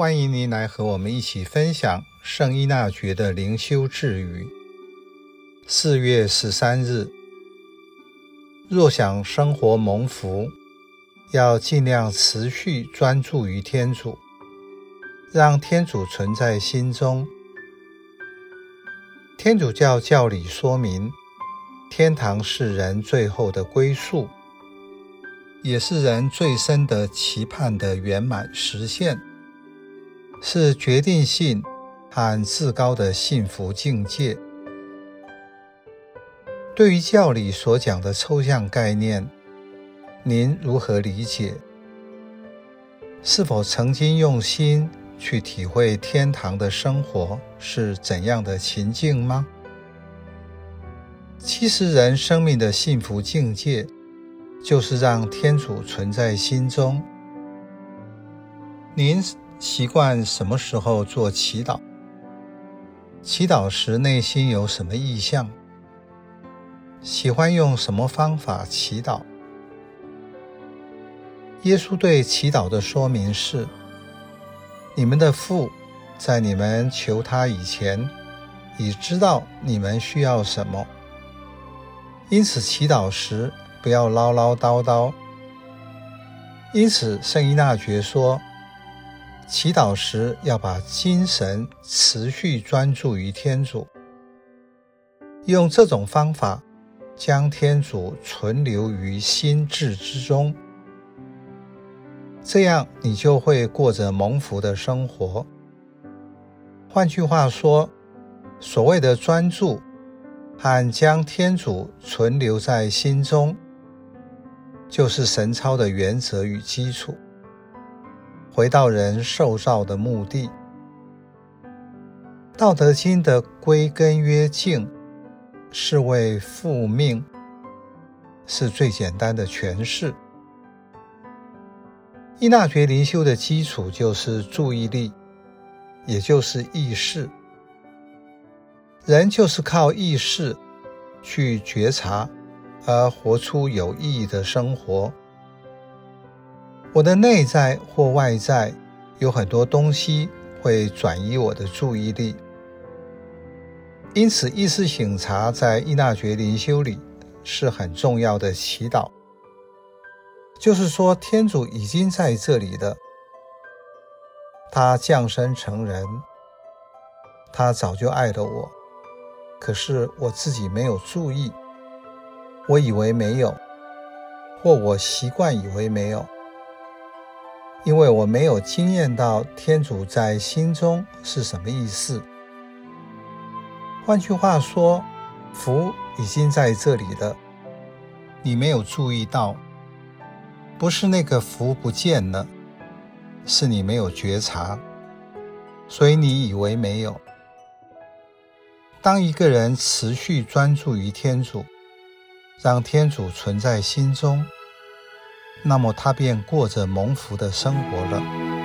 歡迎您來和我們一起分享聖依納爵的靈修智語。四月十三日，若想生活蒙福，要盡量持續專注於天主，讓天主存在心中。天主教教理說明，天堂是人最後的歸宿，也是人最深的期盼的圓滿實現。是決定性和至高的幸福境界。對於教理所講的抽象概念，您如何理解？是否曾經用心去體會天堂的生活是怎樣的情境嗎？其實，人生命的幸福境界，就是讓天主存在心中。您習慣什麼時候做祈禱？祈禱時內心有什麼意向？喜歡用什麼方法祈禱？耶穌對祈禱的說明是：你們的父，在你們求他以前，已知道你們需要什麼，因此祈禱時不要嘮嘮叨叨。因此，聖依納爵說。祈禱時要把精神持續專注於天主，用這種方法將天主存留於心智之中，這樣你就會過着蒙福的生活。換句話說，所謂的專注和將天主存留在心中，就是神操的原則與基礎。回到人受造的目的，《道德經》的“歸根曰靜”是為復命，是最簡單的詮釋。一納覺靈修的基礎就是注意力，也就是意識。人就是靠意識去覺察，而活出有意義的生活。我的內在或外在有很多東西會轉移我的注意力，因此意識省察在依納爵靈修裡是很重要的祈禱。就是說，天主已經在這裡了，他降生成人，他早就愛了我，可是我自己沒有注意，我以為沒有，或我習慣以為沒有。因為我沒有經驗到天主在心中是什麼意思？換句話說，福已經在這裡了，你沒有注意到。不是那個福不見了，是你沒有覺察，所以你以為沒有。當一個人持續專注於天主，讓天主存在心中，那麼他便過着蒙福的生活了。